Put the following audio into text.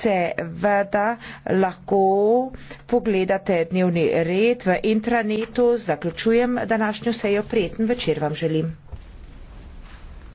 seveda lahko pogledate dnevni red v intranetu. Zaključujem današnjo sejo. Prijeten večer vam želim.